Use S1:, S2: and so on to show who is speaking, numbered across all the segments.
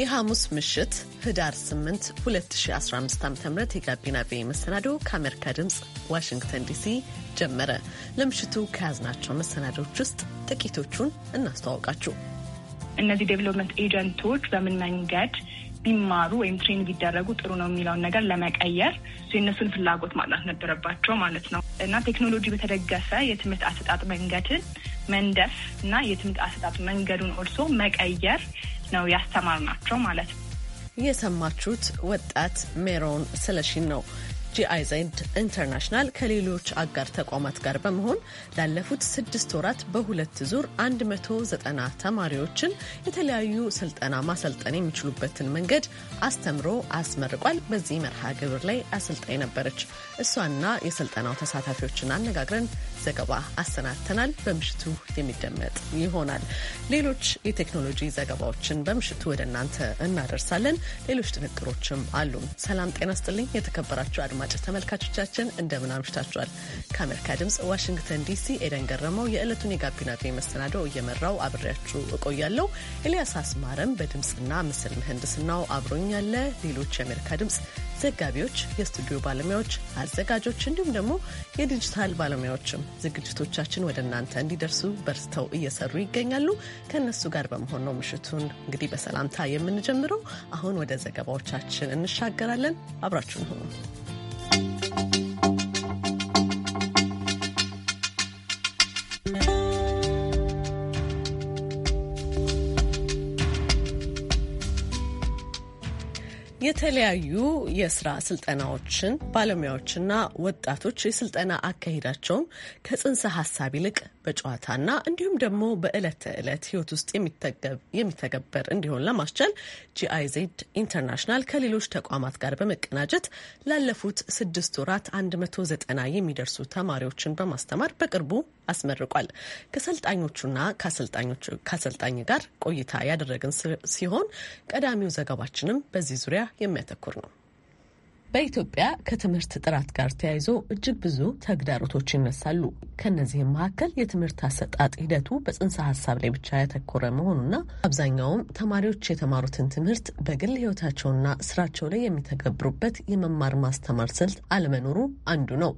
S1: የሐሙስ ምሽት ህዳር 8 2015 ዓ ም የጋቢና ቤ መሰናዶ ከአሜሪካ ድምፅ ዋሽንግተን ዲሲ ጀመረ። ለምሽቱ ከያዝናቸው መሰናዶች ውስጥ ጥቂቶቹን እናስተዋውቃችሁ።
S2: እነዚህ ዴቨሎፕመንት ኤጀንቶች በምን መንገድ ቢማሩ ወይም ትሬን ቢደረጉ ጥሩ ነው የሚለውን ነገር ለመቀየር የእነሱን ፍላጎት ማጥናት ነበረባቸው ማለት ነው እና ቴክኖሎጂ በተደገፈ የትምህርት አሰጣጥ መንገድን መንደፍ እና የትምህርት አሰጣጥ መንገዱን ኦልሶ መቀየር ነው ያስተማርናቸው ማለት ነው። የሰማችሁት
S1: ወጣት ሜሮን ስለሽን ነው። ጂአይዘድ ኢንተርናሽናል ከሌሎች አጋር ተቋማት ጋር በመሆን ላለፉት ስድስት ወራት በሁለት ዙር 190 ተማሪዎችን የተለያዩ ስልጠና ማሰልጠን የሚችሉበትን መንገድ አስተምሮ አስመርቋል። በዚህ መርሃ ግብር ላይ አሰልጣኝ ነበረች። እሷና የስልጠናው ተሳታፊዎችን አነጋግረን ዘገባ አሰናድተናል። በምሽቱ የሚደመጥ ይሆናል። ሌሎች የቴክኖሎጂ ዘገባዎችን በምሽቱ ወደ እናንተ እናደርሳለን። ሌሎች ጥንቅሮችም አሉን። ሰላም ጤና ስጥልኝ። የተከበራችሁ አድማጭ ተመልካቾቻችን እንደምን አምሽታችኋል? ከአሜሪካ ድምጽ ዋሽንግተን ዲሲ ኤደን ገረመው የዕለቱን የጋቢና ቪኦኤ መሰናዶ እየመራው አብሬያችሁ እቆያለሁ። ኤልያስ አስማረም በድምፅና ምስል ምህንድስናው አብሮኛለ። ሌሎች የአሜሪካ ድምጽ ዘጋቢዎች፣ የስቱዲዮ ባለሙያዎች፣ አዘጋጆች እንዲሁም ደግሞ የዲጂታል ባለሙያዎችም ዝግጅቶቻችን ወደ እናንተ እንዲደርሱ በርስተው እየሰሩ ይገኛሉ። ከእነሱ ጋር በመሆን ነው ምሽቱን እንግዲህ በሰላምታ የምንጀምረው። አሁን ወደ ዘገባዎቻችን እንሻገራለን። አብራችሁን ሆኑ። የተለያዩ የስራ ስልጠናዎችን ባለሙያዎችና ወጣቶች የስልጠና አካሄዳቸውን ከጽንሰ ሀሳብ ይልቅ በጨዋታና እንዲሁም ደግሞ በዕለት ተዕለት ህይወት ውስጥ የሚተገበር እንዲሆን ለማስቻል ጂአይዜድ ኢንተርናሽናል ከሌሎች ተቋማት ጋር በመቀናጀት ላለፉት ስድስት ወራት 190 የሚደርሱ ተማሪዎችን በማስተማር በቅርቡ አስመርቋል። ከሰልጣኞቹና ከአሰልጣኝ ጋር ቆይታ ያደረግን ሲሆን ቀዳሚው ዘገባችንም በዚህ ዙሪያ የሚያተኩር ነው። በኢትዮጵያ ከትምህርት ጥራት ጋር ተያይዞ እጅግ ብዙ ተግዳሮቶች ይነሳሉ። ከእነዚህም መካከል የትምህርት አሰጣጥ ሂደቱ በጽንሰ ሀሳብ ላይ ብቻ ያተኮረ መሆኑና አብዛኛውም ተማሪዎች የተማሩትን ትምህርት በግል ህይወታቸውና ስራቸው ላይ የሚተገብሩበት የመማር ማስተማር ስልት አለመኖሩ አንዱ ነው።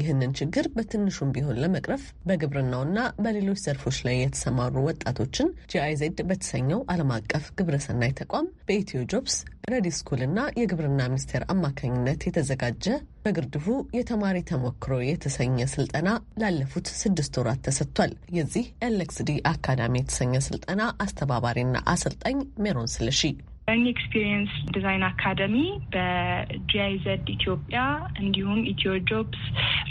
S1: ይህንን ችግር በትንሹም ቢሆን ለመቅረፍ በግብርናውና በሌሎች ዘርፎች ላይ የተሰማሩ ወጣቶችን ጂአይዜድ በተሰኘው ዓለም አቀፍ ግብረሰናይ ተቋም በኢትዮ ጆብስ፣ ረዲ ስኩልና የግብርና ሚኒስቴር አማካኝነት የተዘጋጀ በግርድፉ የተማሪ ተሞክሮ የተሰኘ ስልጠና ላለፉት ስድስት ወራት ተሰጥቷል። የዚህ ኤልክስዲ አካዳሚ የተሰኘ ስልጠና አስተባባሪና አሰልጣኝ ሜሮን ስለሺ
S2: ለርኒንግ ኤክስፒሪየንስ ዲዛይን አካደሚ በጂአይዘድ ኢትዮጵያ እንዲሁም ኢትዮ ጆብስ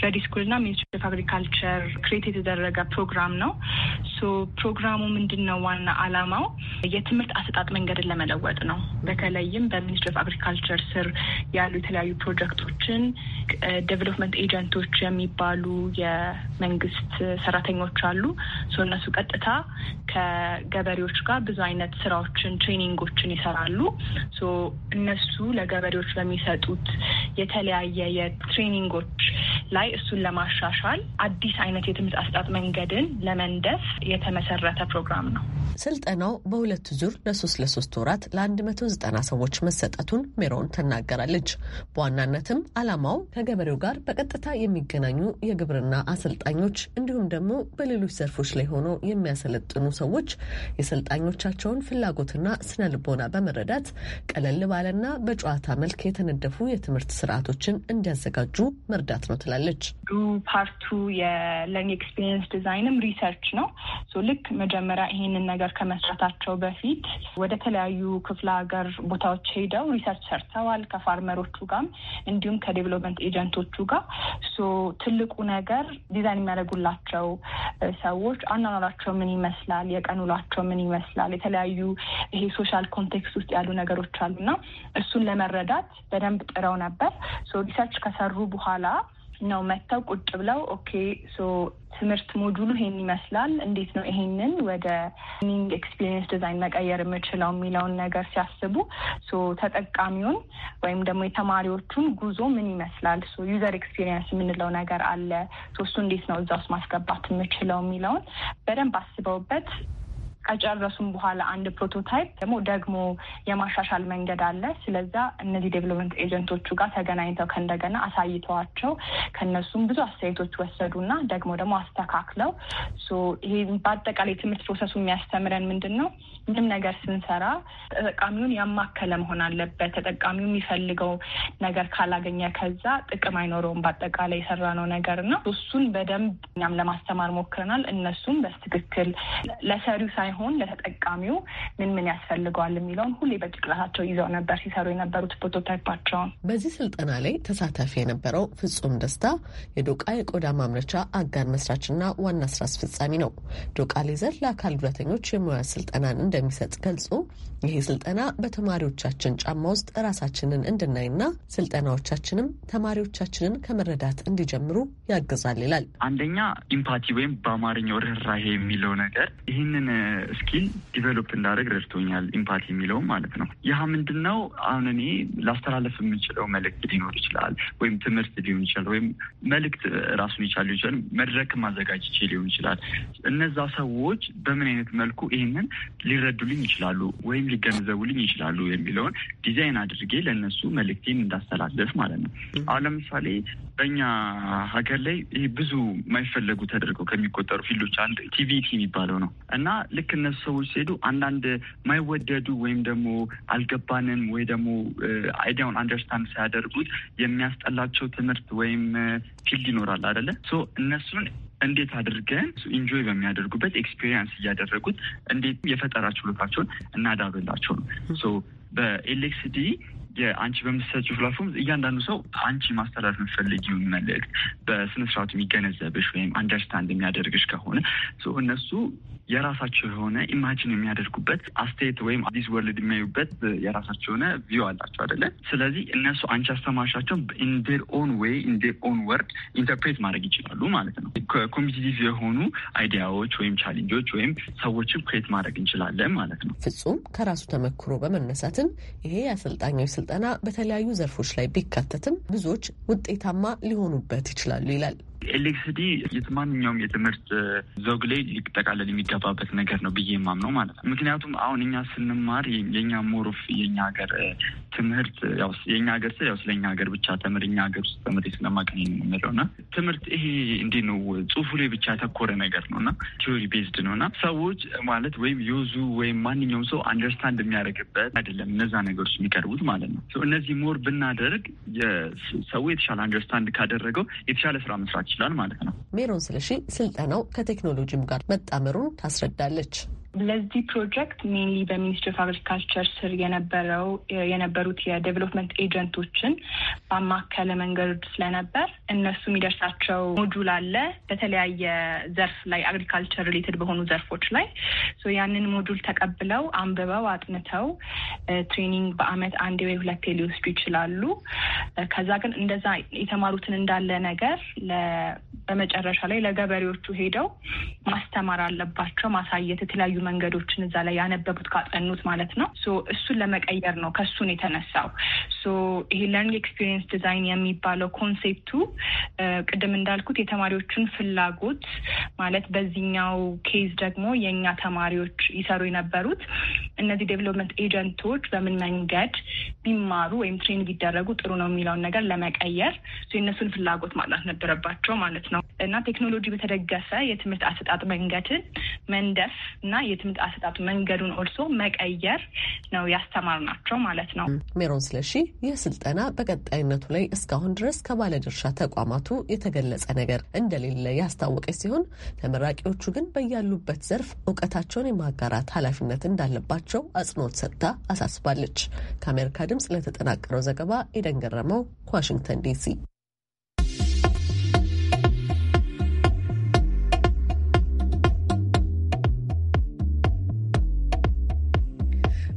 S2: ረዲ ስኩል እና ሚኒስትሪ ኦፍ አግሪካልቸር ክሬት የተደረገ ፕሮግራም ነው። ሶ ፕሮግራሙ ምንድን ነው? ዋና አላማው የትምህርት አሰጣጥ መንገድን ለመለወጥ ነው። በተለይም በሚኒስትሪ ኦፍ አግሪካልቸር ስር ያሉ የተለያዩ ፕሮጀክቶችን ዴቨሎፕመንት ኤጀንቶች የሚባሉ የመንግስት ሰራተኞች አሉ። ሶ እነሱ ቀጥታ ከገበሬዎች ጋር ብዙ አይነት ስራዎችን ትሬኒንጎችን ይሰራሉ አሉ። እነሱ ለገበሬዎች በሚሰጡት የተለያየ የትሬኒንጎች ላይ እሱን ለማሻሻል አዲስ አይነት የትምህርት አሰጣጥ መንገድን ለመንደፍ የተመሰረተ ፕሮግራም ነው።
S1: ስልጠናው በሁለት ዙር ለሶስት ለሶስት ወራት ለ190 ሰዎች መሰጠቱን ሜሮን ትናገራለች። በዋናነትም ዓላማው ከገበሬው ጋር በቀጥታ የሚገናኙ የግብርና አሰልጣኞች እንዲሁም ደግሞ በሌሎች ዘርፎች ላይ ሆነው የሚያሰለጥኑ ሰዎች የሰልጣኞቻቸውን ፍላጎትና ስነ ልቦና በመረዳት ቀለል ባለና በጨዋታ መልክ የተነደፉ የትምህርት ስርዓቶችን እንዲያዘጋጁ መርዳት ነው ትላለች።
S2: ፓርቱ የለርኒንግ ኤክስፒሪየንስ ዲዛይንም ሪሰርች ነው። ልክ መጀመሪያ ይሄንን ነገር ነገር ከመስራታቸው በፊት ወደ ተለያዩ ክፍለ ሀገር ቦታዎች ሄደው ሪሰርች ሰርተዋል ከፋርመሮቹ ጋም እንዲሁም ከዴቨሎፕመንት ኤጀንቶቹ ጋር ሶ ትልቁ ነገር ዲዛይን የሚያደርጉላቸው ሰዎች አኗኗራቸው ምን ይመስላል፣ የቀን ውሏቸው ምን ይመስላል፣ የተለያዩ ይሄ ሶሻል ኮንቴክስት ውስጥ ያሉ ነገሮች አሉና እሱን ለመረዳት በደንብ ጥረው ነበር ሶ ሪሰርች ከሰሩ በኋላ ነው መጥተው ቁጭ ብለው ኦኬ ሶ ትምህርት ሞጁሉ ይሄን ይመስላል፣ እንዴት ነው ይሄንን ወደ ኒንግ ኤክስፒሪየንስ ዲዛይን መቀየር የምችለው የሚለውን ነገር ሲያስቡ ሶ ተጠቃሚውን ወይም ደግሞ የተማሪዎቹን ጉዞ ምን ይመስላል፣ ሶ ዩዘር ኤክስፒሪየንስ የምንለው ነገር አለ፣ ሶ እሱ እንዴት ነው እዛ ውስጥ ማስገባት የምችለው የሚለውን በደንብ አስበውበት ከጨረሱም በኋላ አንድ ፕሮቶታይፕ ደግሞ ደግሞ የማሻሻል መንገድ አለ። ስለዛ እነዚህ ዴቨሎፕመንት ኤጀንቶቹ ጋር ተገናኝተው ከእንደገና አሳይተዋቸው ከእነሱም ብዙ አስተያየቶች ወሰዱና ደግሞ ደግሞ አስተካክለው ይሄ በአጠቃላይ ትምህርት ፕሮሰሱ የሚያስተምረን ምንድን ነው? ምንም ነገር ስንሰራ ተጠቃሚውን ያማከለ መሆን አለበት። ተጠቃሚው የሚፈልገው ነገር ካላገኘ ከዛ ጥቅም አይኖረውም። በአጠቃላይ የሰራነው ነገር ነው። እሱን በደንብ እኛም ለማስተማር ሞክረናል። እነሱም በትክክል ለሰሪው ሳይ ሳይሆን ለተጠቃሚው ምን ምን ያስፈልገዋል የሚለውን ሁሌ በጭቅላታቸው ይዘው ነበር ሲሰሩ የነበሩት ፕሮቶታይፓቸውን። በዚህ ስልጠና ላይ ተሳታፊ የነበረው ፍጹም ደስታ የዶቃ የቆዳ
S1: ማምረቻ አጋር መስራችና ዋና ስራ አስፈጻሚ ነው። ዶቃ ሌዘር ለአካል ጉዳተኞች የሙያ ስልጠናን እንደሚሰጥ ገልጾ ይህ ስልጠና በተማሪዎቻችን ጫማ ውስጥ ራሳችንን እንድናይና ስልጠናዎቻችንም ተማሪዎቻችንን ከመረዳት እንዲጀምሩ ያግዛል ይላል።
S3: አንደኛ ኢምፓቲ ወይም በአማርኛው ርኅራሄ የሚለው ነገር ይህንን ስኪል ዲቨሎፕ እንዳደረግ ረድቶኛል። ኢምፓቲ የሚለው ማለት ነው። ይህ ምንድን ነው? አሁን እኔ ላስተላለፍ የምንችለው መልእክት ሊኖር ይችላል፣ ወይም ትምህርት ሊሆን ይችላል፣ ወይም መልእክት ራሱን ይቻል ሊሆን ይችላል፣ መድረክ ማዘጋጅቼ ሊሆን ይችላል። እነዛ ሰዎች በምን አይነት መልኩ ይህንን ሊረዱልኝ ይችላሉ ወይም ሊገነዘቡልኝ ይችላሉ የሚለውን ዲዛይን አድርጌ ለእነሱ መልእክቴን እንዳስተላለፍ ማለት ነው። አሁን ለምሳሌ በእኛ ሀገር ላይ ይህ ብዙ የማይፈለጉ ተደርገው ከሚቆጠሩ ፊልዶች አንድ ቲቪቲ የሚባለው ነው እና ልክ እነሱ ሰዎች ሲሄዱ አንዳንድ ማይወደዱ ወይም ደግሞ አልገባንም ወይ ደግሞ አይዲያውን አንደርስታንድ ሳያደርጉት የሚያስጠላቸው ትምህርት ወይም ፊልድ ይኖራል አደለ ሶ እነሱን እንዴት አድርገን ኢንጆይ በሚያደርጉበት ኤክስፒሪየንስ እያደረጉት እንዴት የፈጠራ ችሎታቸውን እናዳብላቸው ነው። በኤሌክሲቲ የአንቺ በምትሰጪው ፕላትፎርም እያንዳንዱ ሰው አንቺ ማስተላለፍ የምትፈልጊውን መልእክት በስነስርዓቱ የሚገነዘብሽ ወይም አንደርስታንድ የሚያደርግሽ ከሆነ እነሱ የራሳቸው የሆነ ኢማጂን የሚያደርጉበት አስተያየት ወይም አዲስ ወርልድ የሚያዩበት የራሳቸው የሆነ ቪው አላቸው አደለ። ስለዚህ እነሱ አንቺ አስተማርሻቸውን ኢንዴር ኦን ወይ ኢንዴር ኦን ወርድ ኢንተርፕሬት ማድረግ ይችላሉ ማለት ነው። ኮሚኒቲቭ የሆኑ አይዲያዎች ወይም ቻሌንጆች ወይም ሰዎችን ክሬት ማድረግ እንችላለን ማለት
S1: ነው። ፍጹም ከራሱ ተመክሮ በመነሳትም ይሄ አሰልጣኞች ስልጠና በተለያዩ ዘርፎች ላይ ቢካተትም ብዙዎች ውጤታማ ሊሆኑበት ይችላሉ ይላል።
S3: ኤሌክትሪሲቲ የማንኛውም የትምህርት ዘውግ ላይ ሊጠቃለል የሚገባበት ነገር ነው ብዬ የማምነው ማለት ነው። ምክንያቱም አሁን እኛ ስንማር የእኛ ሞሮፍ የኛ ሀገር ትምህርት የእኛ ሀገር ስ ያው ስለ እኛ ሀገር ብቻ ተምር እኛ ሀገር ውስጥ ተምር ስለማቀኝ የምንለው እና ትምህርት ይሄ እንዴት ነው ጽሁፉ ላይ ብቻ ያተኮረ ነገር ነው እና ቲዮሪ ቤዝድ ነው እና ሰዎች ማለት ወይም ዩዙ ወይም ማንኛውም ሰው አንደርስታንድ የሚያደርግበት አይደለም እነዛ ነገሮች የሚቀርቡት ማለት ነው። እነዚህ ሞር ብናደርግ ሰው የተሻለ አንደርስታንድ ካደረገው የተሻለ ስራ መስራት ይችላል ማለት ነው።
S1: ሜሮን ስለሺ ስልጠናው ከቴክኖሎጂም ጋር መጣመሩን ታስረዳለች።
S2: ለዚህ ፕሮጀክት ሜንሊ በሚኒስትሪ ኦፍ አግሪካልቸር ስር የነበረው የነበሩት የዴቨሎፕመንት ኤጀንቶችን ባማከለ መንገድ ስለነበር እነሱ የሚደርሳቸው ሞጁል አለ በተለያየ ዘርፍ ላይ አግሪካልቸር ሪሌትድ በሆኑ ዘርፎች ላይ ያንን ሞጁል ተቀብለው አንብበው አጥንተው ትሬኒንግ በአመት አንድ ወይ ሁለቴ ሊወስዱ ይችላሉ። ከዛ ግን እንደዛ የተማሩትን እንዳለ ነገር በመጨረሻ ላይ ለገበሬዎቹ ሄደው ማስተማር አለባቸው፣ ማሳየት የተለያዩ መንገዶችን እዛ ላይ ያነበቡት ካጠኑት ማለት ነው። እሱን ለመቀየር ነው ከሱን የተነሳው ይሄ ለርኒንግ ኤክስፒሪየንስ ዲዛይን የሚባለው ኮንሴፕቱ ቅድም እንዳልኩት የተማሪዎቹን ፍላጎት ማለት በዚህኛው ኬዝ ደግሞ የእኛ ተማሪዎች ይሰሩ የነበሩት እነዚህ ዴቨሎፕመንት ኤጀንቶች በምን መንገድ ቢማሩ ወይም ትሬን ቢደረጉ ጥሩ ነው የሚለውን ነገር ለመቀየር የእነሱን ፍላጎት ማጥናት ነበረባቸው ማለት ነው እና ቴክኖሎጂ በተደገፈ የትምህርት አሰጣጥ መንገድን መንደፍ እና የትምህርት አሰጣጡ መንገዱን ኦልሶ መቀየር ነው ያስተማርናቸው ማለት ነው። ሜሮን ስለሺ ይህ
S1: ስልጠና በቀጣይነቱ ላይ እስካሁን ድረስ ከባለድርሻ ተቋማቱ የተገለጸ ነገር እንደሌለ ያስታወቀች ሲሆን ተመራቂዎቹ ግን በያሉበት ዘርፍ እውቀታቸውን የማጋራት ኃላፊነት እንዳለባቸው አጽንኦት ሰጥታ አሳስባለች። ከአሜሪካ ድምጽ ለተጠናቀረው ዘገባ ኤደን ገረመው ከዋሽንግተን ዲሲ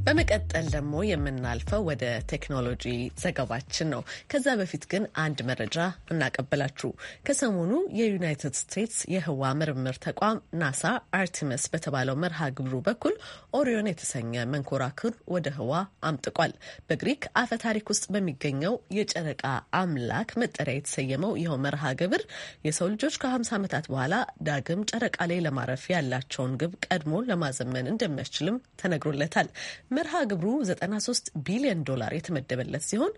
S1: በመቀጠል ደግሞ የምናልፈው ወደ ቴክኖሎጂ ዘገባችን ነው። ከዛ በፊት ግን አንድ መረጃ እናቀበላችሁ። ከሰሞኑ የዩናይትድ ስቴትስ የህዋ ምርምር ተቋም ናሳ አርቲመስ በተባለው መርሃ ግብሩ በኩል ኦሪዮን የተሰኘ መንኮራኩር ወደ ህዋ አምጥቋል። በግሪክ አፈ ታሪክ ውስጥ በሚገኘው የጨረቃ አምላክ መጠሪያ የተሰየመው ይኸው መርሃ ግብር የሰው ልጆች ከ50 ዓመታት በኋላ ዳግም ጨረቃ ላይ ለማረፍ ያላቸውን ግብ ቀድሞ ለማዘመን እንደሚያስችልም ተነግሮለታል። መርሃ ግብሩ 93 ቢሊዮን ዶላር የተመደበለት ሲሆን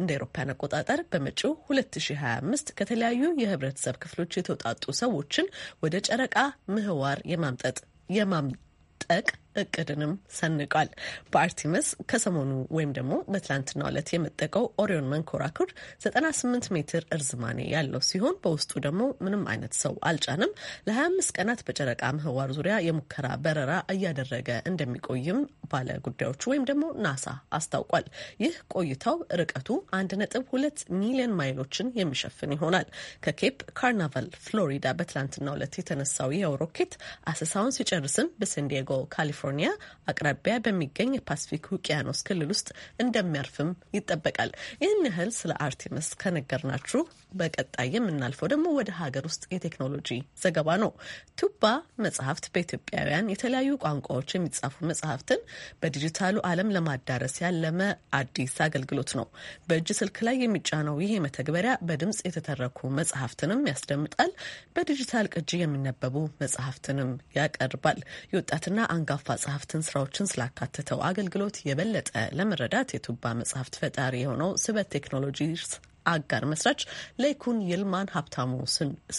S1: እንደ አውሮፓውያን አቆጣጠር በመጪው 2025 ከተለያዩ የህብረተሰብ ክፍሎች የተውጣጡ ሰዎችን ወደ ጨረቃ ምህዋር የማምጠጥ የማምጠቅ እቅድንም ሰንቋል። በአርቲመስ ከሰሞኑ ወይም ደግሞ በትላንትና ዕለት የመጠቀው ኦሪዮን መንኮራኩር 98 ሜትር እርዝማኔ ያለው ሲሆን በውስጡ ደግሞ ምንም አይነት ሰው አልጫንም። ለ25 ቀናት በጨረቃ ምህዋር ዙሪያ የሙከራ በረራ እያደረገ እንደሚቆይም ባለ ጉዳዮቹ ወይም ደግሞ ናሳ አስታውቋል። ይህ ቆይታው ርቀቱ 1.2 ሚሊዮን ማይሎችን የሚሸፍን ይሆናል። ከኬፕ ካርናቫል ፍሎሪዳ በትላንትና ዕለት የተነሳው ይኸው ሮኬት አሰሳውን ሲጨርስም በሳንዲያጎ ካሊፎርኒያ ካሊፎርኒያ አቅራቢያ በሚገኝ የፓስፊክ ውቅያኖስ ክልል ውስጥ እንደሚያርፍም ይጠበቃል። ይህን ያህል ስለ አርቴምስ ከነገርናችሁ በቀጣይ የምናልፈው ደግሞ ወደ ሀገር ውስጥ የቴክኖሎጂ ዘገባ ነው። ቱባ መጽሐፍት በኢትዮጵያውያን የተለያዩ ቋንቋዎች የሚጻፉ መጽሐፍትን በዲጂታሉ ዓለም ለማዳረስ ያለመ አዲስ አገልግሎት ነው። በእጅ ስልክ ላይ የሚጫነው ይሄ መተግበሪያ በድምጽ የተተረኩ መጽሐፍትንም ያስደምጣል። በዲጂታል ቅጂ የሚነበቡ መጽሐፍትንም ያቀርባል። የወጣትና አንጋፋ መጽሐፍትን ስራዎችን ስላካተተው አገልግሎት የበለጠ ለመረዳት የቱባ መጽሐፍት ፈጣሪ የሆነው ስበት ቴክኖሎጂስ አጋር መስራች ለይኩን ይልማን ሀብታሙ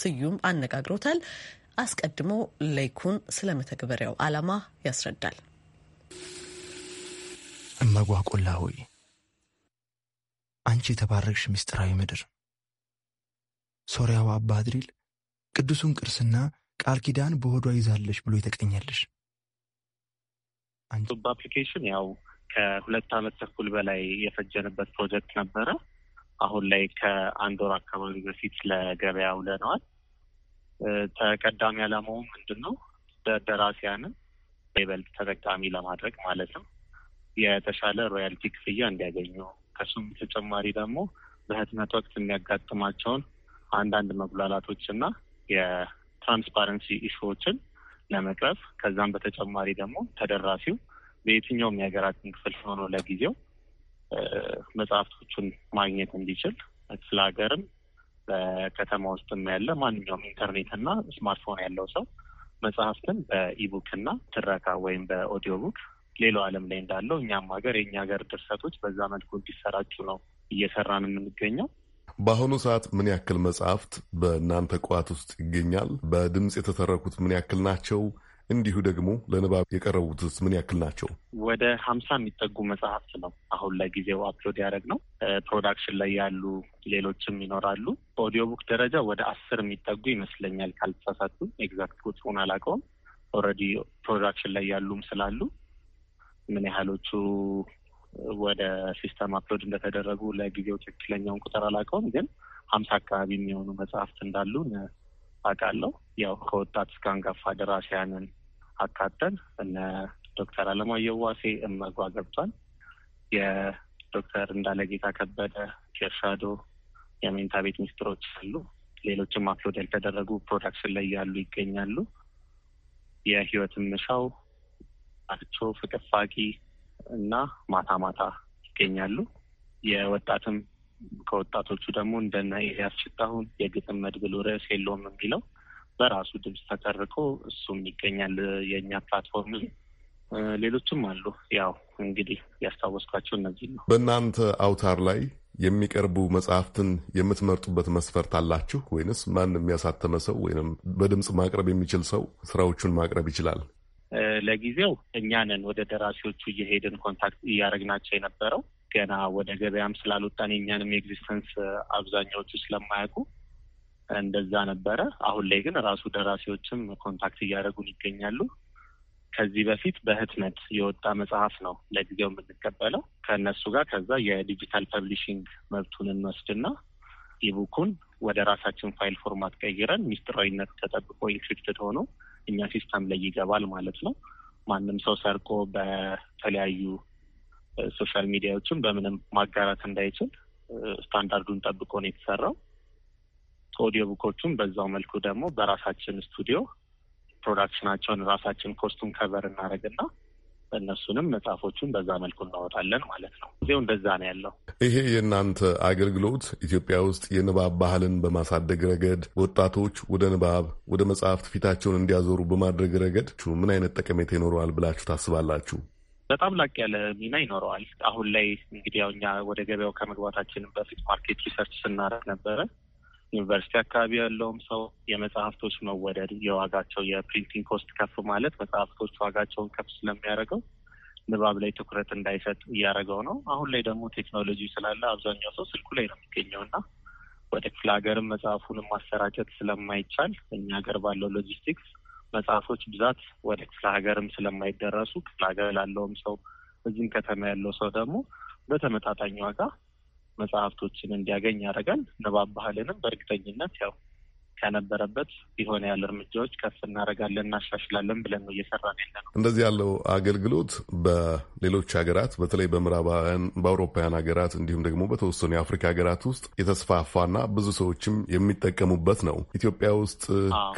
S1: ስዩም አነጋግሮታል። አስቀድሞ ለይኩን ስለ መተግበሪያው ዓላማ ያስረዳል።
S3: እመጓቆላ ሆይ አንቺ የተባረክሽ ምስጢራዊ ምድር ሶሪያዋ አባ አድሪል ቅዱሱን ቅርስና ቃል ኪዳን በሆዷ ይዛለሽ ብሎ የተቀኘልሽ
S4: በአፕሊኬሽን ያው ከሁለት አመት ተኩል በላይ የፈጀንበት ፕሮጀክት ነበረ። አሁን ላይ ከአንድ ወር አካባቢ በፊት ለገበያ ውለነዋል። ተቀዳሚ አላማው ምንድን ነው? ደራሲያንን ይበልጥ ተጠቃሚ ለማድረግ ማለት ነው። የተሻለ ሮያልቲ ክፍያ እንዲያገኙ ከሱም ተጨማሪ ደግሞ በህትመት ወቅት የሚያጋጥማቸውን አንዳንድ መጉላላቶች እና የትራንስፓረንሲ ኢሹዎችን ለመቅረፍ ከዛም በተጨማሪ ደግሞ ተደራሲው በየትኛውም የሀገራችን ክፍል ሆኖ ለጊዜው መጽሐፍቶቹን ማግኘት እንዲችል ስለ ሀገርም በከተማ ውስጥም ያለ ማንኛውም ኢንተርኔትና ስማርትፎን ያለው ሰው መጽሐፍትን በኢቡክ እና ትረካ ወይም በኦዲዮ ቡክ ሌላው ዓለም ላይ እንዳለው እኛም ሀገር የእኛ ሀገር ድርሰቶች በዛ መልኩ እንዲሰራጩ ነው እየሰራን የምንገኘው።
S5: በአሁኑ ሰዓት ምን ያክል መጽሐፍት በእናንተ ቋት ውስጥ ይገኛል? በድምፅ የተተረኩት ምን ያክል ናቸው? እንዲሁ ደግሞ ለንባብ የቀረቡትስ ምን ያክል ናቸው?
S4: ወደ ሀምሳ የሚጠጉ መጽሐፍት ነው አሁን ለጊዜው አፕሎድ ያደረግ ነው። ፕሮዳክሽን ላይ ያሉ ሌሎችም ይኖራሉ። በኦዲዮ ቡክ ደረጃ ወደ አስር የሚጠጉ ይመስለኛል ካልተሳሳቱ፣ ኤግዛክት ቁጥሩን አላውቀውም። ኦልሬዲ ፕሮዳክሽን ላይ ያሉም ስላሉ ምን ያህሎቹ ወደ ሲስተም አፕሎድ እንደተደረጉ ለጊዜው ትክክለኛውን ቁጥር አላውቀውም፣ ግን ሀምሳ አካባቢ የሚሆኑ መጽሐፍት እንዳሉን አውቃለሁ። ያው ከወጣት እስከ አንጋፋ ደራሲያንን አካተን እነ ዶክተር አለማየሁ ዋሴ እመጓ ገብቷል። የዶክተር እንዳለጌታ ከበደ ኬርሻዶ የመኝታ ቤት ሚስጥሮች አሉ። ሌሎችም አፕሎድ ያልተደረጉ ፕሮዳክሽን ላይ ያሉ ይገኛሉ። የህይወት ምሻው አርቾ ፍቅፋቂ እና ማታ ማታ ይገኛሉ። የወጣትም ከወጣቶቹ ደግሞ እንደነ ኤልያስ ሽታሁን የግጥም መድብል ርዕስ የለውም የሚለው በራሱ ድምፅ ተቀርቆ እሱም ይገኛል የእኛ ፕላትፎርም ሌሎችም አሉ። ያው እንግዲህ ያስታወስኳቸው እነዚህ ነው።
S5: በእናንተ አውታር ላይ የሚቀርቡ መጽሐፍትን የምትመርጡበት መስፈርት አላችሁ ወይንስ ማንም ያሳተመ ሰው ወይም በድምፅ ማቅረብ የሚችል ሰው ስራዎቹን ማቅረብ ይችላል?
S4: ለጊዜው እኛ ነን ወደ ደራሲዎቹ እየሄድን ኮንታክት እያደረግናቸው የነበረው ገና ወደ ገበያም ስላልወጣን የእኛንም ኤግዚስተንስ አብዛኛዎቹ ስለማያውቁ እንደዛ ነበረ። አሁን ላይ ግን ራሱ ደራሲዎችም ኮንታክት እያደረጉን ይገኛሉ። ከዚህ በፊት በህትመት የወጣ መጽሐፍ ነው ለጊዜው የምንቀበለው ከእነሱ ጋር። ከዛ የዲጂታል ፐብሊሽንግ መብቱን እንወስድና ኢቡኩን ወደ ራሳችን ፋይል ፎርማት ቀይረን ሚስጥራዊነት ተጠብቆ ኢንክሪፕትድ ሆኖ እኛ ሲስተም ላይ ይገባል ማለት ነው። ማንም ሰው ሰርቆ በተለያዩ ሶሻል ሚዲያዎችን በምንም ማጋራት እንዳይችል ስታንዳርዱን ጠብቆ ነው የተሰራው። ኦዲዮ ቡኮቹም በዛው መልኩ ደግሞ በራሳችን ስቱዲዮ ፕሮዳክሽናቸውን ራሳችን ኮስቱም ከቨር እናደርግና እነሱንም መጽሐፎቹን በዛ መልኩ እናወጣለን ማለት ነው። ጊዜው እንደዛ ነው ያለው።
S5: ይሄ የእናንተ አገልግሎት ኢትዮጵያ ውስጥ የንባብ ባህልን በማሳደግ ረገድ፣ ወጣቶች ወደ ንባብ ወደ መጽሐፍት ፊታቸውን እንዲያዞሩ በማድረግ ረገድ ምን አይነት ጠቀሜታ ይኖረዋል ብላችሁ ታስባላችሁ?
S4: በጣም ላቅ ያለ ሚና ይኖረዋል። አሁን ላይ እንግዲህ ያው እኛ ወደ ገበያው ከመግባታችን በፊት ማርኬት ሪሰርች ስናደርግ ነበረ። ዩኒቨርሲቲ አካባቢ ያለውም ሰው የመጽሐፍቶች መወደድ፣ የዋጋቸው የፕሪንቲንግ ኮስት ከፍ ማለት መጽሐፍቶች ዋጋቸውን ከፍ ስለሚያደርገው ንባብ ላይ ትኩረት እንዳይሰጥ እያደረገው ነው። አሁን ላይ ደግሞ ቴክኖሎጂ ስላለ አብዛኛው ሰው ስልኩ ላይ ነው የሚገኘው እና ወደ ክፍለ ሀገርም መጽሐፉንም ማሰራጨት ስለማይቻል እኛ ሀገር ባለው ሎጂስቲክስ መጽሐፎች ብዛት ወደ ክፍለ ሀገርም ስለማይደረሱ ክፍለ ሀገር ላለውም ሰው እዚህም ከተማ ያለው ሰው ደግሞ በተመጣጣኝ ዋጋ መጽሐፍቶችን እንዲያገኝ ያደርጋል። ንባብ ባህልንም በእርግጠኝነት ያው ከነበረበት የሆነ ያለ እርምጃዎች ከፍ እናደርጋለን እናሻሽላለን ብለን ነው እየሰራ ያለ
S5: ነው። እንደዚህ ያለው አገልግሎት በሌሎች ሀገራት በተለይ በምዕራባውያን በአውሮፓውያን ሀገራት እንዲሁም ደግሞ በተወሰኑ የአፍሪካ ሀገራት ውስጥ የተስፋፋና ብዙ ሰዎችም የሚጠቀሙበት ነው። ኢትዮጵያ ውስጥ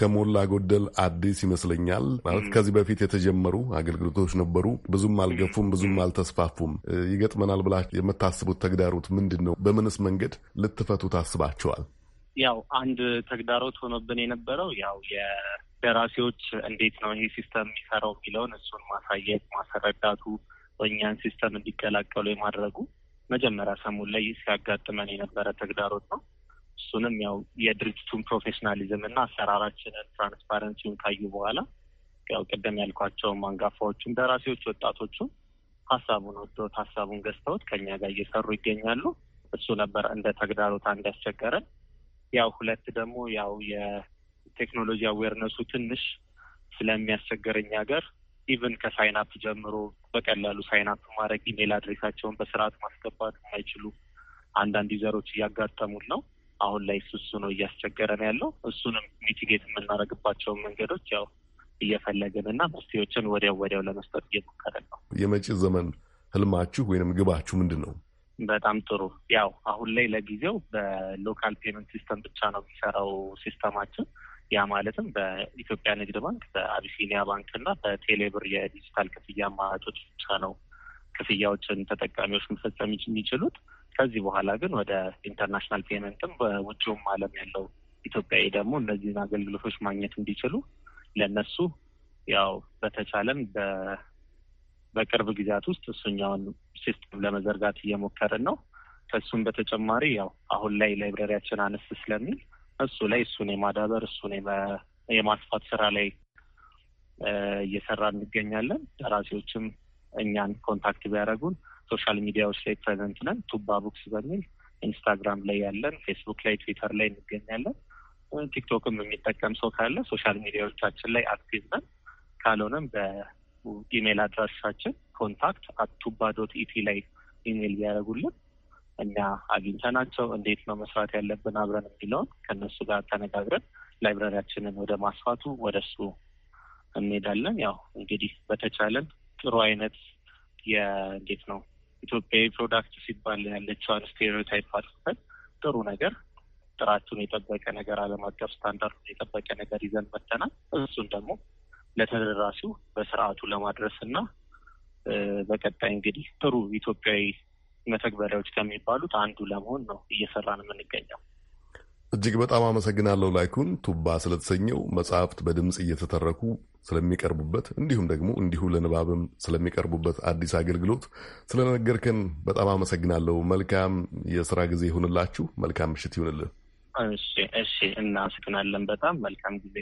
S5: ከሞላ ጎደል አዲስ ይመስለኛል። ማለት ከዚህ በፊት የተጀመሩ አገልግሎቶች ነበሩ፣ ብዙም አልገፉም፣ ብዙም አልተስፋፉም። ይገጥመናል ብላ የምታስቡት ተግዳሮት ምንድን ነው? በምንስ መንገድ ልትፈቱ ታስባቸዋል?
S4: ያው አንድ ተግዳሮት ሆኖብን የነበረው ያው የደራሲዎች እንዴት ነው ይሄ ሲስተም የሚሰራው የሚለውን እሱን ማሳየት ማስረዳቱ፣ በእኛን ሲስተም እንዲቀላቀሉ የማድረጉ መጀመሪያ ሰሙን ላይ ሲያጋጥመን የነበረ ተግዳሮት ነው። እሱንም ያው የድርጅቱን ፕሮፌሽናሊዝም እና አሰራራችንን ትራንስፓረንሲውን ካዩ በኋላ ያው ቅደም ያልኳቸውም አንጋፋዎቹም ደራሲዎች ወጣቶቹን ሀሳቡን ወደውት ሀሳቡን ገዝተውት ከኛ ጋር እየሰሩ ይገኛሉ። እሱ ነበር እንደ ተግዳሮት አንድ ያስቸገረን። ያው ሁለት ደግሞ ያው የቴክኖሎጂ አዌርነሱ ትንሽ ስለሚያስቸግረኝ ሀገር ኢቨን ከሳይናፕ ጀምሮ በቀላሉ ሳይናፕ ማድረግ ኢሜል አድሬሳቸውን በስርዓት ማስገባት የማይችሉ አንዳንድ ዩዘሮች እያጋጠሙን ነው። አሁን ላይ እሱ ነው እያስቸገረን ያለው። እሱንም ሚቲጌት የምናደርግባቸውን መንገዶች ያው እየፈለግን እና መፍትሄዎችን ወዲያው ወዲያው ለመስጠት እየሞከረን
S5: ነው። የመጪ ዘመን ህልማችሁ ወይንም ግባችሁ ምንድን ነው?
S4: በጣም ጥሩ። ያው አሁን ላይ ለጊዜው በሎካል ፔመንት ሲስተም ብቻ ነው የሚሰራው ሲስተማችን። ያ ማለትም በኢትዮጵያ ንግድ ባንክ፣ በአቢሲኒያ ባንክ እና በቴሌብር የዲጂታል ክፍያ አማራጮች ብቻ ነው ክፍያዎችን ተጠቃሚዎች መፈጸም የሚችሉት። ከዚህ በኋላ ግን ወደ ኢንተርናሽናል ፔመንትም በውጭውም አለም ያለው ኢትዮጵያዊ ደግሞ እነዚህን አገልግሎቶች ማግኘት እንዲችሉ ለእነሱ ያው በተቻለን በቅርብ ጊዜያት ውስጥ እሱኛውን ሲስተም ለመዘርጋት እየሞከርን ነው። ከእሱም በተጨማሪ ያው አሁን ላይ ላይብረሪያችን አነስ ስለሚል እሱ ላይ እሱን የማዳበር እሱን የማስፋት ስራ ላይ እየሰራ እንገኛለን። ደራሲዎችም እኛን ኮንታክት ቢያደረጉን ሶሻል ሚዲያዎች ላይ ፕሬዘንት ነን። ቱባ ቡክስ በሚል ኢንስታግራም ላይ ያለን፣ ፌስቡክ ላይ፣ ትዊተር ላይ እንገኛለን። ቲክቶክም የሚጠቀም ሰው ካለ ሶሻል ሚዲያዎቻችን ላይ አክቲቭ ነን። ካልሆነም ኢሜል አድራሻችን ኮንታክት አት ቱባ ዶት ኢቲ ላይ ኢሜል ቢያደርጉልን እኛ አግኝተናቸው እንዴት ነው መስራት ያለብን አብረን የሚለውን ከእነሱ ጋር ተነጋግረን ላይብራሪያችንን ወደ ማስፋቱ ወደ እሱ እንሄዳለን። ያው እንግዲህ በተቻለን ጥሩ አይነት የእንዴት ነው ኢትዮጵያዊ ፕሮዳክት ሲባል ያለችዋን ስቴሪዮታይፕ አድርገን ጥሩ ነገር ጥራቱን የጠበቀ ነገር ዓለም አቀፍ ስታንዳርዱን የጠበቀ ነገር ይዘን መተናል። እሱን ደግሞ ለተደራሲው በስርዓቱ ለማድረስ እና በቀጣይ እንግዲህ ጥሩ ኢትዮጵያዊ መተግበሪያዎች ከሚባሉት አንዱ ለመሆን ነው እየሰራን የምንገኘው።
S5: እጅግ በጣም አመሰግናለሁ። ላይኩን ቱባ ስለተሰኘው መጽሐፍት በድምፅ እየተተረኩ ስለሚቀርቡበት እንዲሁም ደግሞ እንዲሁ ለንባብም ስለሚቀርቡበት አዲስ አገልግሎት ስለነገርከን በጣም አመሰግናለሁ። መልካም የስራ ጊዜ ይሁንላችሁ። መልካም ምሽት ይሁንልን።
S4: እሺ፣ እሺ። እናመሰግናለን። በጣም መልካም ጊዜ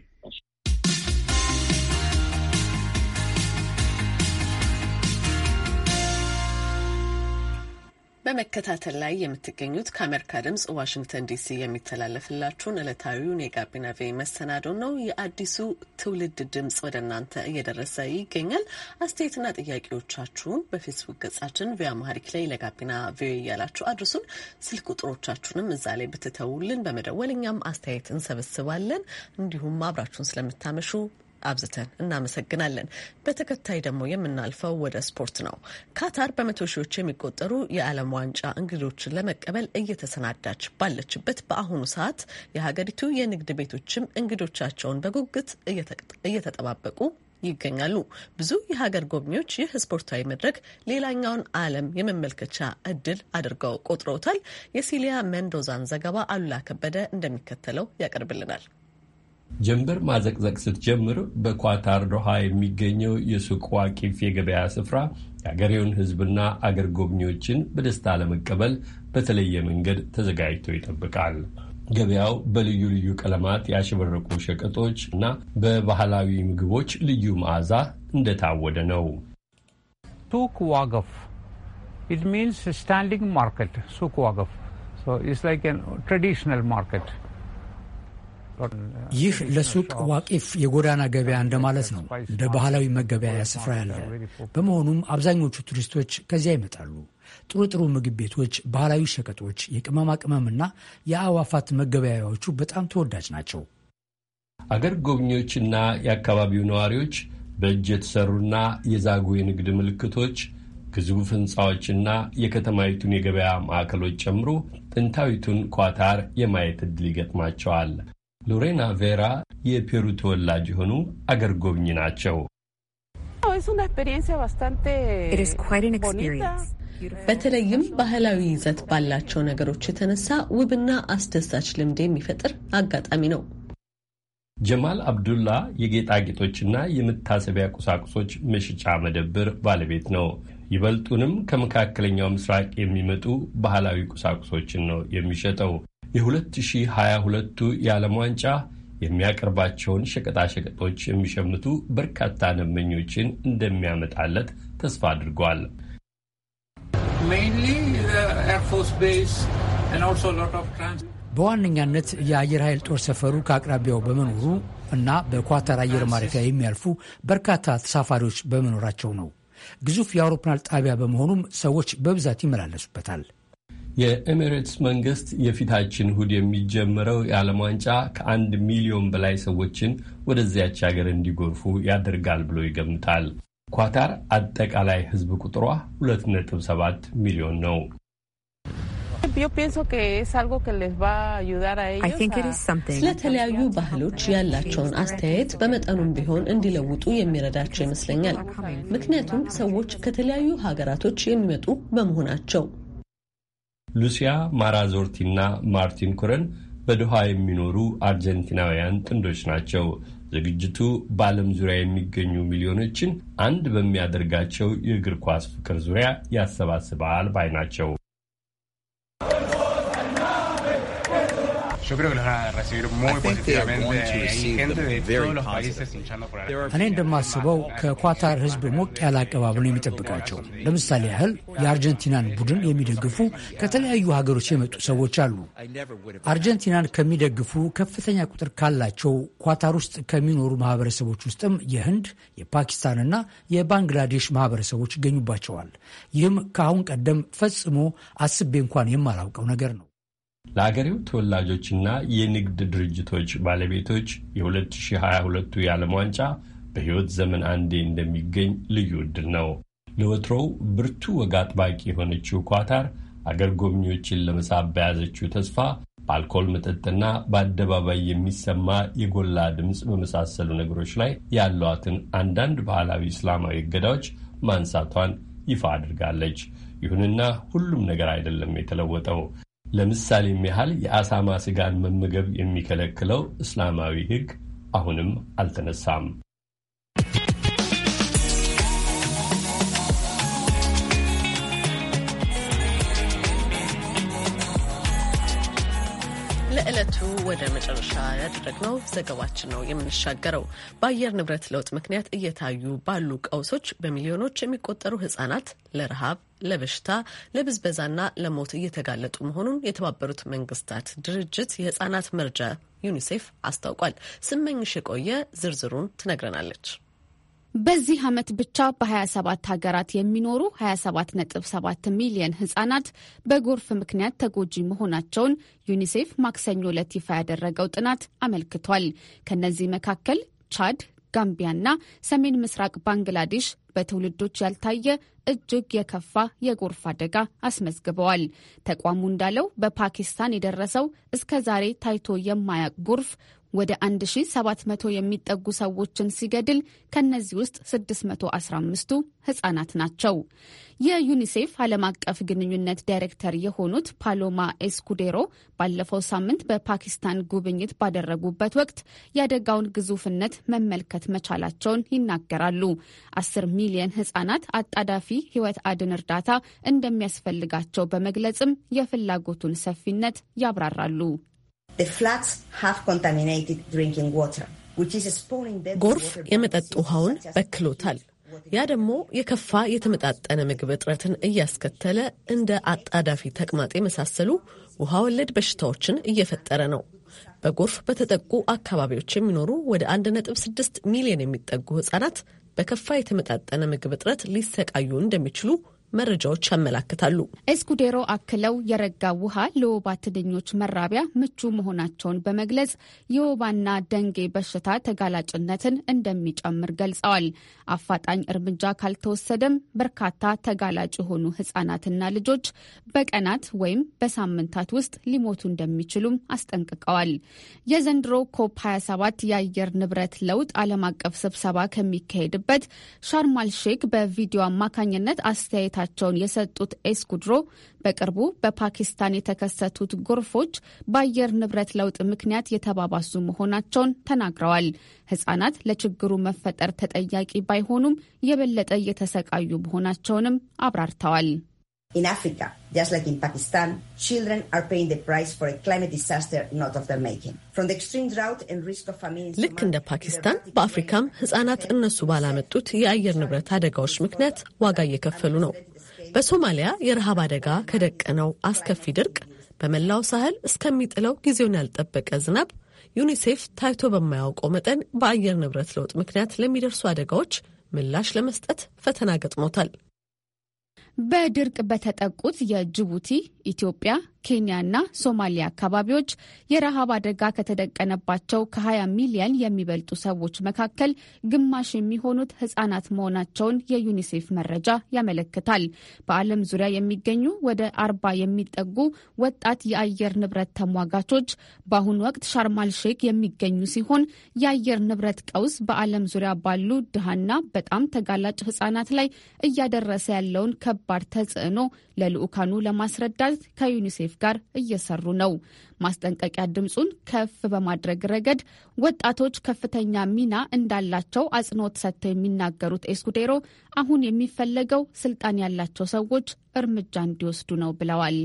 S1: በመከታተል ላይ የምትገኙት ከአሜሪካ ድምጽ ዋሽንግተን ዲሲ የሚተላለፍላችሁን ዕለታዊውን የጋቢና ቬ መሰናዶ ነው። የአዲሱ ትውልድ ድምጽ ወደ እናንተ እየደረሰ ይገኛል። አስተያየትና ጥያቄዎቻችሁን በፌስቡክ ገጻችን ቪ አማሪክ ላይ ለጋቢና ቪ እያላችሁ አድርሱን። ስልክ ቁጥሮቻችሁንም እዛ ላይ ብትተውልን በመደወል እኛም አስተያየት እንሰበስባለን። እንዲሁም አብራችሁን ስለምታመሹ አብዝተን እናመሰግናለን። በተከታይ ደግሞ የምናልፈው ወደ ስፖርት ነው። ካታር በመቶ ሺዎች የሚቆጠሩ የዓለም ዋንጫ እንግዶችን ለመቀበል እየተሰናዳች ባለችበት በአሁኑ ሰዓት የሀገሪቱ የንግድ ቤቶችም እንግዶቻቸውን በጉጉት እየተጠባበቁ ይገኛሉ። ብዙ የሀገር ጎብኚዎች ይህ ስፖርታዊ መድረክ ሌላኛውን ዓለም የመመልከቻ እድል አድርገው ቆጥረውታል። የሲሊያ መንዶዛን ዘገባ አሉላ ከበደ እንደሚከተለው ያቀርብልናል።
S6: ጀንበር ማዘቅዘቅ ስትጀምር በኳታር ዶሃ የሚገኘው የሱቅ ዋቂፍ የገበያ ስፍራ የአገሬውን ሕዝብና አገር ጎብኚዎችን በደስታ ለመቀበል በተለየ መንገድ ተዘጋጅቶ ይጠብቃል። ገበያው በልዩ ልዩ ቀለማት ያሸበረቁ ሸቀጦች እና በባህላዊ ምግቦች ልዩ መዓዛ እንደታወደ ነው።
S7: ሱቅ ዋገፍ ኢት ሚንስ ስታንዲንግ ማርኬት ዋገፍ ኢትስ ላይክ ትራዲሽናል ማርኬት ይህ ለሱቅ ዋቂፍ የጎዳና ገበያ እንደማለት ነው። እንደ ባህላዊ መገበያያ ስፍራ ያለው በመሆኑም አብዛኞቹ ቱሪስቶች ከዚያ ይመጣሉ። ጥሩ ጥሩ ምግብ ቤቶች፣ ባህላዊ ሸቀጦች፣ የቅመማ ቅመምና የአዕዋፋት መገበያያዎቹ በጣም ተወዳጅ ናቸው።
S6: አገር ጎብኚዎችና የአካባቢው ነዋሪዎች በእጅ የተሰሩና የዛጉ የንግድ ምልክቶች፣ ግዙፍ ህንፃዎችና የከተማይቱን የገበያ ማዕከሎች ጨምሮ ጥንታዊቱን ኳታር የማየት ዕድል ይገጥማቸዋል። ሎሬና ቬራ የፔሩ ተወላጅ የሆኑ አገር ጎብኝ ናቸው።
S1: በተለይም ባህላዊ ይዘት ባላቸው ነገሮች የተነሳ ውብና አስደሳች ልምድ የሚፈጥር አጋጣሚ ነው።
S6: ጀማል አብዱላ የጌጣጌጦችና የመታሰቢያ ቁሳቁሶች መሸጫ መደብር ባለቤት ነው። ይበልጡንም ከመካከለኛው ምስራቅ የሚመጡ ባህላዊ ቁሳቁሶችን ነው የሚሸጠው። የ2022ቱ የዓለም ዋንጫ የሚያቀርባቸውን ሸቀጣሸቀጦች የሚሸምቱ በርካታ ነመኞችን እንደሚያመጣለት ተስፋ አድርጓል።
S7: በዋነኛነት የአየር ኃይል ጦር ሰፈሩ ከአቅራቢያው በመኖሩ እና በኳታር አየር ማረፊያ የሚያልፉ በርካታ ተሳፋሪዎች በመኖራቸው ነው። ግዙፍ የአውሮፕላን ጣቢያ በመሆኑም ሰዎች በብዛት ይመላለሱበታል።
S6: የኤሚሬትስ መንግስት የፊታችን እሁድ የሚጀምረው የዓለም ዋንጫ ከአንድ ሚሊዮን በላይ ሰዎችን ወደዚያች ሀገር እንዲጎርፉ ያደርጋል ብሎ ይገምታል። ኳታር አጠቃላይ ህዝብ ቁጥሯ 2.7 ሚሊዮን ነው።
S1: ስለተለያዩ ባህሎች ያላቸውን አስተያየት በመጠኑም ቢሆን እንዲለውጡ የሚረዳቸው ይመስለኛል። ምክንያቱም ሰዎች ከተለያዩ ሀገራቶች የሚመጡ በመሆናቸው
S6: ሉሲያ ማራዞርቲና ማርቲን ኩረን በዶሃ የሚኖሩ አርጀንቲናውያን ጥንዶች ናቸው። ዝግጅቱ በዓለም ዙሪያ የሚገኙ ሚሊዮኖችን አንድ በሚያደርጋቸው የእግር ኳስ ፍቅር ዙሪያ ያሰባስባል ባይ ናቸው።
S5: Yo creo que los van a recibir muy positivamente. Hay gente de todos los
S7: países hinchando por እኔ እንደማስበው ከኳታር ሕዝብ ሞቅ ያለ አቀባበል ነው የሚጠብቃቸው። ለምሳሌ ያህል የአርጀንቲናን ቡድን የሚደግፉ ከተለያዩ ሀገሮች የመጡ ሰዎች አሉ። አርጀንቲናን ከሚደግፉ ከፍተኛ ቁጥር ካላቸው ኳታር ውስጥ ከሚኖሩ ማህበረሰቦች ውስጥም የህንድ፣ የፓኪስታንና የባንግላዴሽ ማህበረሰቦች ይገኙባቸዋል። ይህም ከአሁን ቀደም ፈጽሞ አስቤ እንኳን የማላውቀው ነገር ነው።
S6: ለአገሬው ተወላጆችና የንግድ ድርጅቶች ባለቤቶች የ2022ቱ የዓለም ዋንጫ በሕይወት ዘመን አንዴ እንደሚገኝ ልዩ ዕድል ነው። ለወትሮው ብርቱ ወግ አጥባቂ የሆነችው ኳታር አገር ጎብኚዎችን ለመሳብ በያዘችው ተስፋ በአልኮል መጠጥና በአደባባይ የሚሰማ የጎላ ድምፅ በመሳሰሉ ነገሮች ላይ ያሏትን አንዳንድ ባህላዊ እስላማዊ እገዳዎች ማንሳቷን ይፋ አድርጋለች። ይሁንና ሁሉም ነገር አይደለም የተለወጠው። ለምሳሌም ያህል የአሳማ ስጋን መመገብ የሚከለክለው እስላማዊ ሕግ አሁንም አልተነሳም።
S1: ለዕለቱ ወደ መጨረሻ ያደረግነው ዘገባችን ነው የምንሻገረው። በአየር ንብረት ለውጥ ምክንያት እየታዩ ባሉ ቀውሶች በሚሊዮኖች የሚቆጠሩ ህጻናት ለረሃብ ለበሽታ ለብዝበዛና ለሞት እየተጋለጡ መሆኑን የተባበሩት መንግስታት ድርጅት የህጻናት መርጃ ዩኒሴፍ አስታውቋል። ስመኝሽ የቆየ ዝርዝሩን ትነግረናለች።
S8: በዚህ ዓመት ብቻ በ27 ሀገራት የሚኖሩ 27.7 ሚሊየን ህጻናት በጎርፍ ምክንያት ተጎጂ መሆናቸውን ዩኒሴፍ ማክሰኞ ዕለት ይፋ ያደረገው ጥናት አመልክቷል። ከእነዚህ መካከል ቻድ፣ ጋምቢያና ሰሜን ምስራቅ ባንግላዴሽ በትውልዶች ያልታየ እጅግ የከፋ የጎርፍ አደጋ አስመዝግበዋል። ተቋሙ እንዳለው በፓኪስታን የደረሰው እስከ ዛሬ ታይቶ የማያውቅ ጎርፍ ወደ 1700 የሚጠጉ ሰዎችን ሲገድል ከነዚህ ውስጥ 615ቱ ህጻናት ናቸው። የዩኒሴፍ ዓለም አቀፍ ግንኙነት ዳይሬክተር የሆኑት ፓሎማ ኤስኩዴሮ ባለፈው ሳምንት በፓኪስታን ጉብኝት ባደረጉበት ወቅት የአደጋውን ግዙፍነት መመልከት መቻላቸውን ይናገራሉ። አስር ሚሊየን ህጻናት አጣዳፊ ህይወት አድን እርዳታ እንደሚያስፈልጋቸው በመግለጽም የፍላጎቱን
S1: ሰፊነት ያብራራሉ።
S8: ጎርፍ የመጠጥ
S1: ውሃውን በክሎታል። ያ ደግሞ የከፋ የተመጣጠነ ምግብ እጥረትን እያስከተለ እንደ አጣዳፊ ተቅማጥ የመሳሰሉ ውሃ ወለድ በሽታዎችን እየፈጠረ ነው። በጎርፍ በተጠቁ አካባቢዎች የሚኖሩ ወደ 1.6 ሚሊዮን የሚጠጉ ህጻናት በከፋ የተመጣጠነ ምግብ እጥረት ሊሰቃዩ እንደሚችሉ መረጃዎች ያመላክታሉ።
S8: ኤስኩዴሮ አክለው የረጋ ውሃ ለወባ ትንኞች መራቢያ ምቹ መሆናቸውን በመግለጽ የወባና ደንጌ በሽታ ተጋላጭነትን እንደሚጨምር ገልጸዋል። አፋጣኝ እርምጃ ካልተወሰደም በርካታ ተጋላጭ የሆኑ ህጻናትና ልጆች በቀናት ወይም በሳምንታት ውስጥ ሊሞቱ እንደሚችሉም አስጠንቅቀዋል። የዘንድሮ ኮፕ 27 የአየር ንብረት ለውጥ ዓለም አቀፍ ስብሰባ ከሚካሄድበት ሻርማል ሼክ በቪዲዮ አማካኝነት አስተያየታ አስተያየታቸውን የሰጡት ኤስኩድሮ በቅርቡ በፓኪስታን የተከሰቱት ጎርፎች በአየር ንብረት ለውጥ ምክንያት የተባባሱ መሆናቸውን ተናግረዋል። ሕጻናት ለችግሩ መፈጠር ተጠያቂ ባይሆኑም የበለጠ እየተሰቃዩ መሆናቸውንም አብራርተዋል። In Africa, just like in Pakistan, children are paying the price for a climate disaster not of their making. From the extreme drought and risk of famine... ልክ
S1: እንደ ፓኪስታን በአፍሪካም ሕፃናት እነሱ ባላመጡት የአየር ንብረት አደጋዎች ምክንያት ዋጋ እየከፈሉ ነው። በሶማሊያ የረሃብ አደጋ ከደቀነው አስከፊ ድርቅ በመላው ሳህል እስከሚጥለው ጊዜውን ያልጠበቀ ዝናብ ዩኒሴፍ ታይቶ በማያውቀው መጠን በአየር ንብረት ለውጥ ምክንያት ለሚደርሱ አደጋዎች ምላሽ ለመስጠት ፈተና ገጥሞታል።
S8: በድርቅ በተጠቁት የጅቡቲ፣ ኢትዮጵያ፣ ኬንያና ሶማሊያ አካባቢዎች የረሃብ አደጋ ከተደቀነባቸው ከ20 ሚሊየን የሚበልጡ ሰዎች መካከል ግማሽ የሚሆኑት ህጻናት መሆናቸውን የዩኒሴፍ መረጃ ያመለክታል። በዓለም ዙሪያ የሚገኙ ወደ አርባ የሚጠጉ ወጣት የአየር ንብረት ተሟጋቾች በአሁኑ ወቅት ሻርማል ሼክ የሚገኙ ሲሆን የአየር ንብረት ቀውስ በዓለም ዙሪያ ባሉ ድሃና በጣም ተጋላጭ ህጻናት ላይ እያደረሰ ያለውን ከባድ ተጽዕኖ ለልዑካኑ ለማስረዳት ከዩኒሴፍ ሸሪፍ ጋር እየሰሩ ነው። ማስጠንቀቂያ ድምፁን ከፍ በማድረግ ረገድ ወጣቶች ከፍተኛ ሚና እንዳላቸው አጽንኦት ሰጥተው የሚናገሩት ኤስኩዴሮ አሁን የሚፈለገው ስልጣን ያላቸው ሰዎች እርምጃ እንዲወስዱ ነው ብለዋል።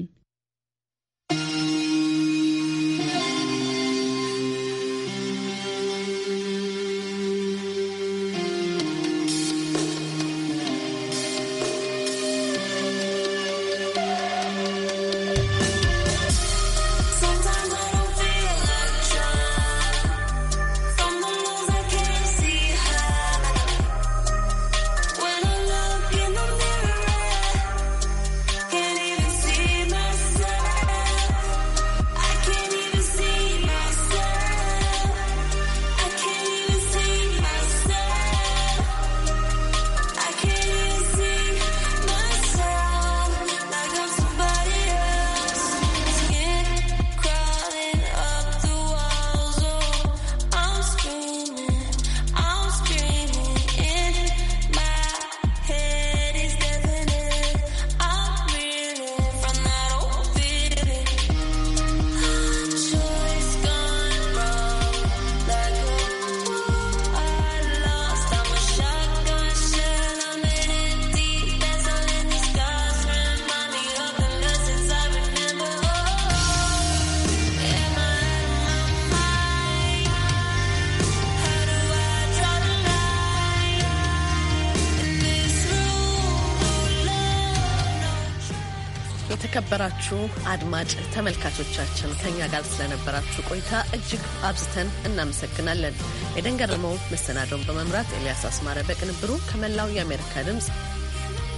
S1: የተከበራችሁ አድማጭ ተመልካቾቻችን ከኛ ጋር ስለነበራችሁ ቆይታ እጅግ አብዝተን እናመሰግናለን። ኤደን ገረመው መሰናዶውን በመምራት ኤልያስ አስማረ በቅንብሩ ከመላው የአሜሪካ ድምፅ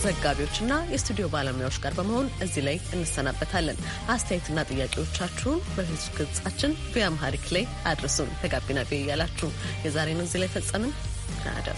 S1: ዘጋቢዎችና የስቱዲዮ ባለሙያዎች ጋር በመሆን እዚህ ላይ እንሰናበታለን። አስተያየትና ጥያቄዎቻችሁን በፌስቡክ ገጻችን ቪያምሃሪክ ላይ አድርሱን። ተጋቢና ቢ እያላችሁ የዛሬን እዚህ ላይ ፈጸምን ናደሩ